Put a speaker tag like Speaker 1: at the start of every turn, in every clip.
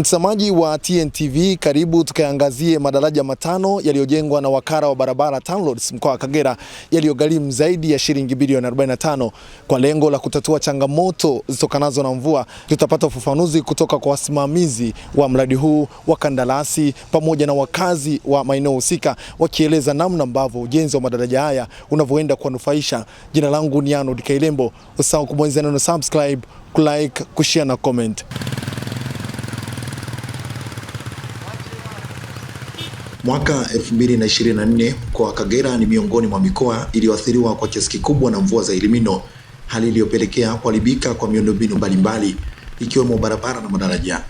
Speaker 1: Mtazamaji wa TNTV, karibu tukaangazie madaraja matano yaliyojengwa na wakala wa barabara TANROADS mkoa wa Kagera yaliyogharimu zaidi ya shilingi bilioni 45 kwa lengo la kutatua changamoto zitokanazo na mvua. Tutapata ufafanuzi kutoka kwa wasimamizi wa mradi huu, wakandarasi, pamoja na wakazi wa maeneo husika, wakieleza namna ambavyo ujenzi wa madaraja haya unavyoenda kuwanufaisha. Jina langu ni Arnold Kailembo, usahau kubonyeza neno subscribe, kulike, kushare na comment. Mwaka 2024 mkoa wa Kagera ni miongoni mwa mikoa iliyoathiriwa kwa kiasi kikubwa na mvua za elimino hali iliyopelekea kuharibika kwa miundombinu mbalimbali ikiwemo barabara na madaraja.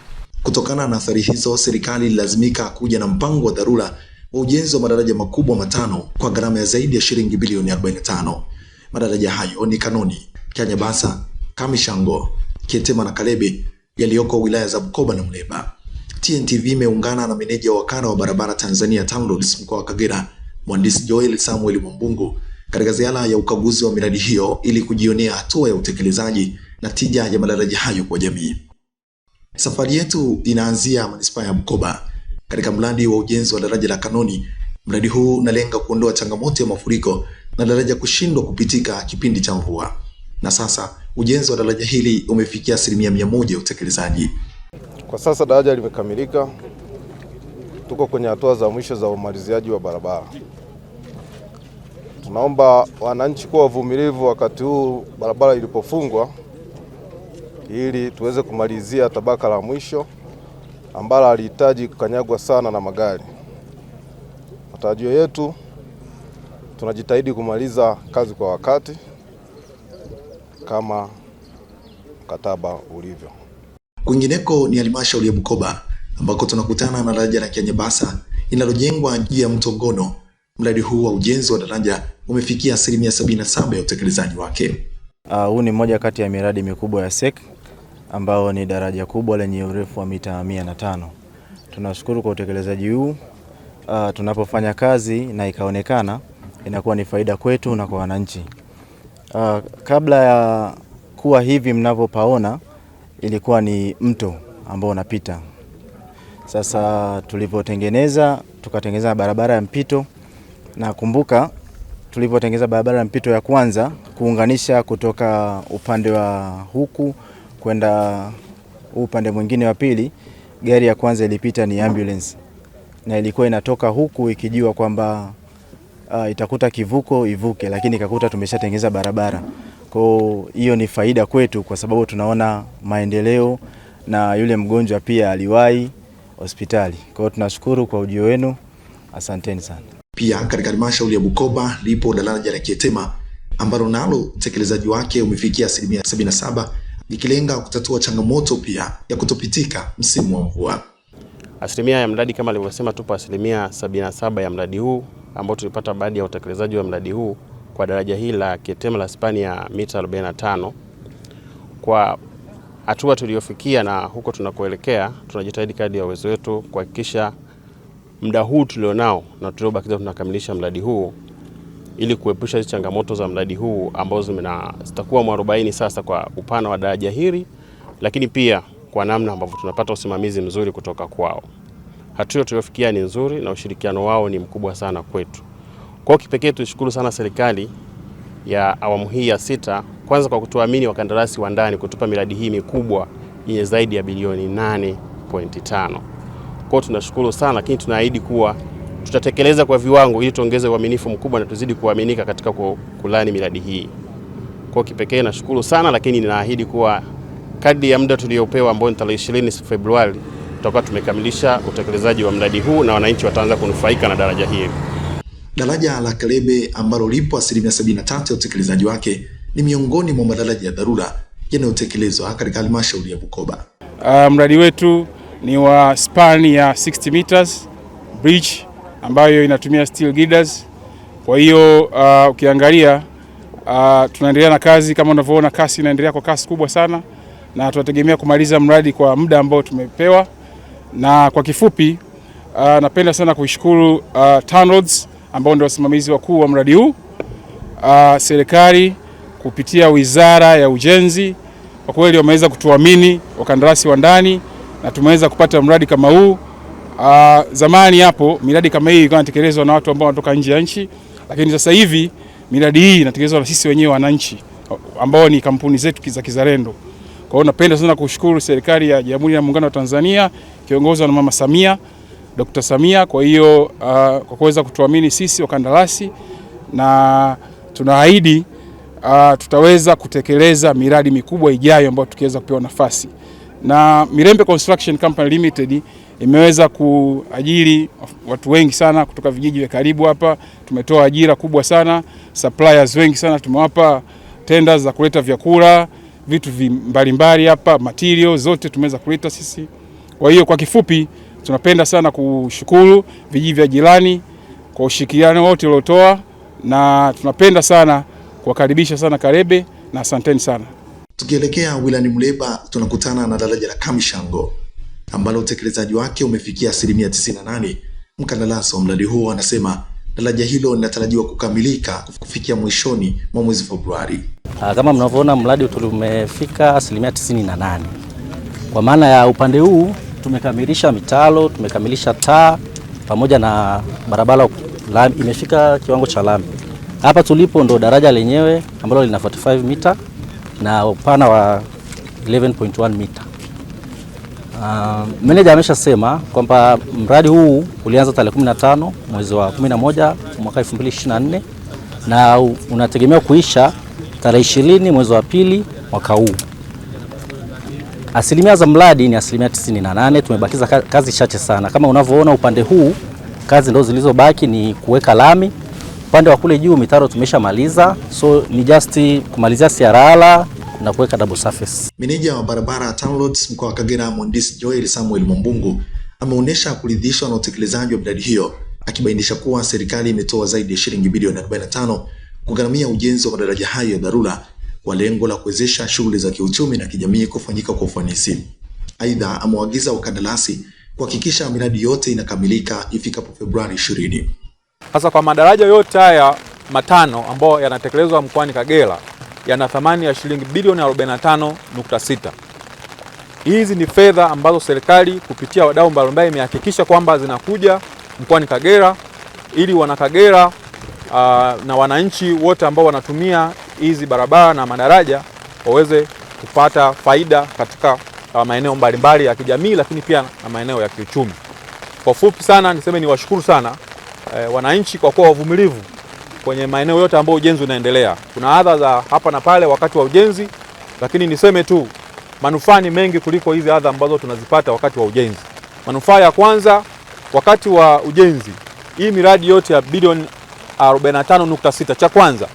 Speaker 1: Kutokana na athari hizo, serikali ililazimika kuja na mpango wa dharura wa ujenzi wa madaraja makubwa matano kwa gharama ya zaidi ya shilingi bilioni 45. Madaraja hayo ni Kanoni, Kyanyabasa, Kamishango, Kyetema na Kalebe yaliyoko wilaya za Bukoba na Muleba. TNTV imeungana na meneja wa kanda wa barabara Tanzania TANROADS mkoa wa Kagera, mhandisi Joel Samuel Mwambungu katika ziara ya ukaguzi wa miradi hiyo ili kujionea hatua ya utekelezaji na tija ya madaraja hayo kwa jamii. Safari yetu inaanzia manispaa ya Bukoba katika mradi wa ujenzi wa daraja la Kanoni. Mradi huu unalenga kuondoa changamoto ya mafuriko na daraja kushindwa kupitika kipindi cha mvua, na sasa ujenzi wa daraja hili umefikia asilimia mia moja ya utekelezaji.
Speaker 2: Kwa sasa daraja limekamilika, tuko kwenye hatua za mwisho za umaliziaji wa barabara. Tunaomba wananchi kuwa wavumilivu wakati huu barabara ilipofungwa, ili tuweze kumalizia tabaka la mwisho ambalo halihitaji kukanyagwa sana na magari. Matarajio yetu tunajitahidi kumaliza kazi kwa wakati kama mkataba ulivyo.
Speaker 1: Kwingineko ni halmashauri ya Bukoba ambako tunakutana na daraja la Kianyabasa linalojengwa juu ya mto Ngono. Mradi huu wa ujenzi wa daraja umefikia asilimia 77 ya utekelezaji wake.
Speaker 3: Ah, huu ni mmoja kati ya miradi mikubwa ya SEC ambao ni daraja kubwa lenye urefu wa mita tano Tunashukuru kwa utekelezaji huu. Uh, tunapofanya kazi na ikaonekana inakuwa ni faida kwetu na kwa wananchi. Uh, kabla ya kuwa hivi mnavyopaona ilikuwa ni mto ambao unapita. Sasa tulivyotengeneza, tukatengeneza barabara ya mpito, na kumbuka tulivyotengeneza barabara ya mpito ya kwanza kuunganisha kutoka upande wa huku kwenda upande mwingine wa pili, gari ya kwanza ilipita ni ambulance, na ilikuwa inatoka huku ikijua kwamba uh, itakuta kivuko ivuke, lakini ikakuta tumeshatengeneza barabara. Kwa hiyo ni faida kwetu, kwa sababu tunaona maendeleo na yule mgonjwa pia aliwahi hospitali. Kwa hiyo tunashukuru kwa ujio wenu, asanteni sana.
Speaker 1: Pia katika halmashauri ya Bukoba lipo daraja la Kietema ambalo nalo utekelezaji wake umefikia asilimia 77 likilenga kutatua changamoto pia ya kutopitika msimu wa mvua.
Speaker 4: Asilimia ya mradi kama alivyosema, tupo asilimia 77 ya mradi huu ambao tulipata baada ya utekelezaji wa mradi huu kwa daraja hili la Ketema la spani ya mita 45 kwa hatua tuliyofikia na huko tunakoelekea, tunajitahidi kadri ya uwezo wetu kuhakikisha muda huu tulionao na tuliobakiza tunakamilisha mradi huu ili kuepusha hizo changamoto za mradi huu ambazo zitakuwa mwarobaini sasa kwa upana wa daraja hili, lakini pia kwa namna ambavyo tunapata usimamizi mzuri kutoka kwao. Hatua tuliyofikia ni nzuri na ushirikiano wao ni mkubwa sana kwetu. Kwa kipekee tuishukuru sana serikali ya awamu hii ya sita, kwanza kwa kutuamini wakandarasi wa ndani kutupa miradi hii mikubwa yenye zaidi ya bilioni 8.5. Kwa tunashukuru sana, lakini tunaahidi kuwa tutatekeleza kwa viwango ili tuongeze uaminifu mkubwa na tuzidi kuaminika katika kulani miradi hii. Kwa kipekee nashukuru sana, lakini ninaahidi kuwa kadri ya muda tuliopewa ambao ni tarehe 20 Februari tutakuwa tumekamilisha utekelezaji wa mradi huu na wananchi wataanza kunufaika na daraja hili.
Speaker 1: Daraja la Kalebe ambalo lipo asilimia 73 ya utekelezaji wake ni miongoni mwa madaraja ya dharura yanayotekelezwa katika halmashauri ya Bukoba.
Speaker 5: Uh, mradi wetu ni wa span ya 60 meters bridge ambayo inatumia steel girders. Kwa hiyo uh, ukiangalia uh, tunaendelea na kazi kama unavyoona, kasi inaendelea kwa kasi kubwa sana, na tunategemea kumaliza mradi kwa muda ambao tumepewa. Na kwa kifupi, uh, napenda sana kuishukuru uh, TANROADS ambao ndio wasimamizi wakuu wa mradi huu. Uh, serikali kupitia Wizara ya Ujenzi kwa kweli wameweza kutuamini wakandarasi wa ndani na tumeweza kupata mradi kama huu. Uh, zamani hapo miradi kama hii ilikuwa inatekelezwa na watu ambao wanatoka nje ya nchi, lakini sasa hivi miradi hii inatekelezwa na sisi wenyewe wananchi ambao ni kampuni zetu za kizalendo. Kwa hiyo napenda sana kushukuru serikali ya Jamhuri ya Muungano wa Tanzania kiongozwa na Mama Samia. Dkt. Samia kwa hiyo uh, kwa kuweza kutuamini sisi wakandarasi na tunaahidi uh, tutaweza kutekeleza miradi mikubwa ijayo ambayo tukiweza kupewa nafasi. Na Mirembe Construction Company Limited imeweza kuajiri watu wengi sana kutoka vijiji vya karibu hapa. Tumetoa ajira kubwa sana, suppliers wengi sana, tumewapa tenders za kuleta vyakula, vitu mbalimbali hapa, material zote tumeweza kuleta sisi. Kwa hiyo kwa kifupi Tunapenda sana kushukuru vijiji vya jirani kwa ushirikiano wote uliotoa, na tunapenda sana kuwakaribisha sana, karebe na asanteni sana.
Speaker 1: Tukielekea wilani Muleba, tunakutana na daraja la Kamishango ambalo utekelezaji wake umefikia asilimia 98. Mkandarasi wa mradi huo anasema daraja hilo linatarajiwa kukamilika kufikia mwishoni mwa mwezi Februari.
Speaker 6: Ah, kama mnavyoona, mradi umefika asilimia 98 kwa maana ya upande huu tumekamilisha mitalo, tumekamilisha taa pamoja na barabara lami, imefika kiwango cha lami. Hapa tulipo ndo daraja lenyewe ambalo lina 45 mita na upana wa 11.1 mita. Uh, meneja ameshasema kwamba mradi huu ulianza tarehe 15 mwezi wa 11 mwaka 2024 na unategemewa kuisha tarehe 20 mwezi wa pili mwaka huu. Asilimia za mradi ni asilimia 98. Tumebakiza kazi chache sana. Kama unavyoona upande huu kazi ndio zilizobaki ni kuweka lami. Upande wa kule juu mitaro tumeshamaliza, so ni just kumalizia siarala na kuweka double surface.
Speaker 1: Meneja wa barabara TANROADS mkoa wa Kagera Mhandisi Joel Samuel Mumbungu ameonyesha kuridhishwa na utekelezaji wa miradi hiyo akibainisha kuwa serikali imetoa zaidi ya shilingi bilioni 45 kugharamia ujenzi wa madaraja hayo ya dharura kwa lengo la kuwezesha shughuli za kiuchumi na kijamii kufanyika kwa ufanisi. Aidha, amewaagiza wakandarasi kuhakikisha miradi yote inakamilika ifikapo Februari 20.
Speaker 7: Sasa kwa madaraja yote haya matano ambayo yanatekelezwa mkoani Kagera yana thamani ya shilingi bilioni 45.6. Hizi ni fedha ambazo serikali kupitia wadau mbalimbali imehakikisha kwamba zinakuja mkoani Kagera ili wana Kagera na wananchi wote ambao wanatumia hizi barabara na madaraja waweze kupata faida katika uh, maeneo mbalimbali ya kijamii, lakini pia na maeneo ya kiuchumi. Kwa fupi sana niseme niwashukuru sana e, wananchi kwa kuwa wavumilivu kwenye maeneo yote ambayo ujenzi unaendelea. Kuna adha za hapa na pale wakati wa ujenzi, lakini niseme tu manufaa ni mengi kuliko hizi adha ambazo tunazipata wakati wa ujenzi. Manufaa ya kwanza wakati wa ujenzi, hii miradi yote ya bilioni 45.6 cha kwanza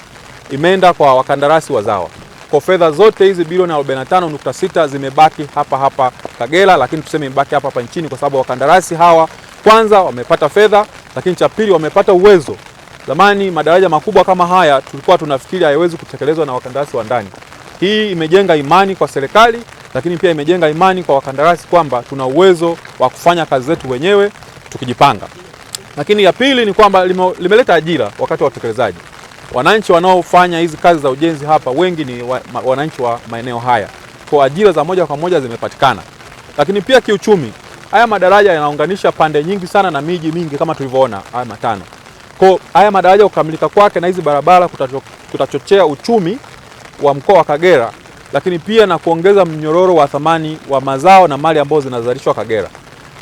Speaker 7: imeenda kwa wakandarasi wazawa. Kwa fedha zote hizi bilioni 45.6 zimebaki hapa hapa Kagera, lakini tuseme imebaki hapa hapa nchini, kwa sababu wakandarasi hawa kwanza wamepata fedha, lakini cha pili wamepata uwezo. Zamani madaraja makubwa kama haya tulikuwa tunafikiri hayawezi kutekelezwa na wakandarasi wa ndani. Hii imejenga imani kwa serikali, lakini pia imejenga imani kwa wakandarasi kwamba tuna uwezo wa kufanya kazi zetu wenyewe tukijipanga. Lakini ya pili ni kwamba limeleta ajira wakati wa utekelezaji. Wananchi wanaofanya hizi kazi za ujenzi hapa wengi ni wa, ma, wananchi wa maeneo haya, kwa ajira za moja kwa moja zimepatikana. Lakini pia kiuchumi, haya madaraja yanaunganisha pande nyingi sana na miji mingi kama tulivyoona haya matano. Kwa haya madaraja kukamilika kwake na hizi barabara kutacho, kutachochea uchumi wa mkoa wa Kagera, lakini pia na kuongeza mnyororo wa thamani wa mazao na mali ambazo zinazalishwa Kagera.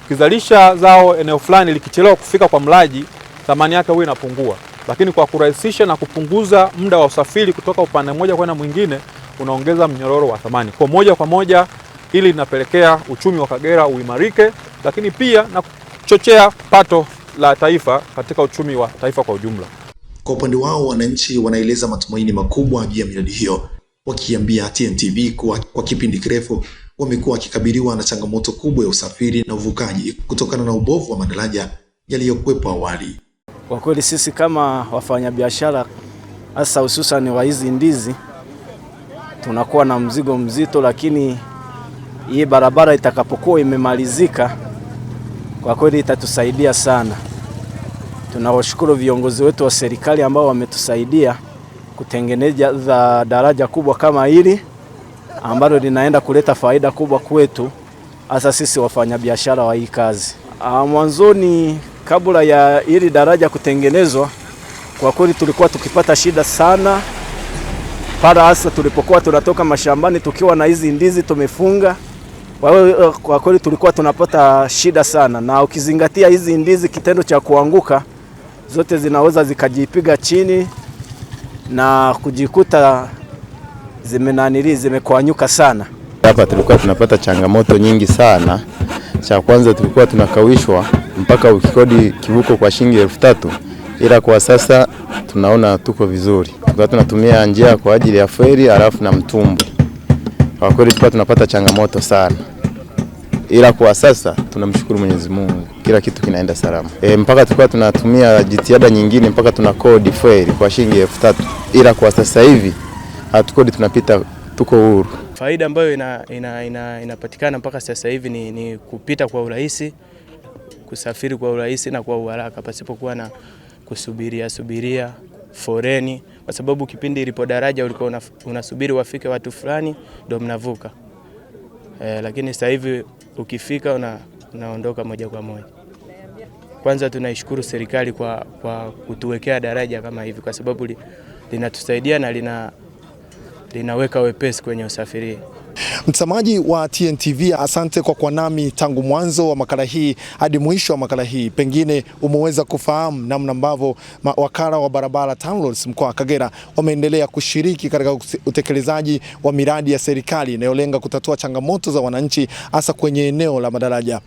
Speaker 7: Ukizalisha zao eneo fulani likichelewa kufika kwa mlaji, thamani yake huwa inapungua lakini kwa kurahisisha na kupunguza muda wa usafiri kutoka upande mmoja kwenda mwingine, unaongeza mnyororo wa thamani kwa moja kwa moja. ili linapelekea uchumi wa Kagera uimarike, lakini pia na kuchochea pato la taifa katika uchumi wa taifa kwa ujumla.
Speaker 1: Kwa upande wao, wananchi wanaeleza matumaini makubwa juu ya miradi hiyo, wakiambia TNTV kuwa kwa kipindi kirefu wamekuwa wakikabiliwa na changamoto kubwa ya usafiri na uvukaji kutokana na ubovu wa madaraja yaliyokuwepo awali.
Speaker 8: Kwa kweli sisi kama wafanyabiashara hasa hususan wa hizi ndizi tunakuwa na mzigo mzito, lakini hii barabara itakapokuwa imemalizika, kwa kweli itatusaidia sana. Tunawashukuru viongozi wetu wa serikali ambao wametusaidia kutengeneza daraja kubwa kama hili ambalo linaenda kuleta faida kubwa kwetu, hasa sisi wafanyabiashara wa hii kazi.
Speaker 9: Ah, mwanzoni kabla ya hili daraja kutengenezwa, kwa kweli tulikuwa tukipata shida sana para hasa tulipokuwa tunatoka mashambani tukiwa na hizi ndizi tumefunga. Eh, kwa kweli tulikuwa tunapata shida sana, na ukizingatia hizi ndizi kitendo cha kuanguka zote zinaweza zikajipiga chini na kujikuta zimenanili zimekwanyuka sana.
Speaker 10: Hapa tulikuwa tunapata changamoto nyingi sana. Cha kwanza tulikuwa tunakawishwa mpaka ukikodi kivuko kwa shilingi elfu tatu ila kwa sasa tunaona tuko vizuri, kwa tunatumia njia kwa ajili ya feri halafu na mtumbwi. Kwa kweli tulikuwa tunapata changamoto sana, ila kwa sasa tunamshukuru Mwenyezi Mungu, kila kitu kinaenda salama e, mpaka tulikuwa tunatumia jitihada nyingine mpaka tunakodi feri kwa shilingi elfu tatu ila kwa sasa hivi hatukodi, tunapita tuko huru.
Speaker 11: Faida ambayo inapatikana ina, ina, ina mpaka sasa hivi ni, ni kupita kwa urahisi kusafiri kwa urahisi na kwa uharaka pasipokuwa na kusubiria subiria foreni, kwa sababu kipindi ilipo daraja ulikuwa unasubiri wafike watu fulani ndio mnavuka e, lakini sasa hivi ukifika una, unaondoka moja kwa moja. Kwanza tunaishukuru serikali kwa, kwa kutuwekea daraja kama hivi kwa sababu li, linatusaidia na lina, linaweka wepesi kwenye usafiri.
Speaker 1: Mtazamaji wa TNTV, asante kwa kuwa nami tangu mwanzo wa makala hii hadi mwisho wa makala hii. Pengine umeweza kufahamu namna ambavyo wakala wa barabara TANROADS mkoa wa Kagera wameendelea kushiriki katika utekelezaji wa miradi ya serikali inayolenga kutatua changamoto za wananchi hasa kwenye eneo la madaraja.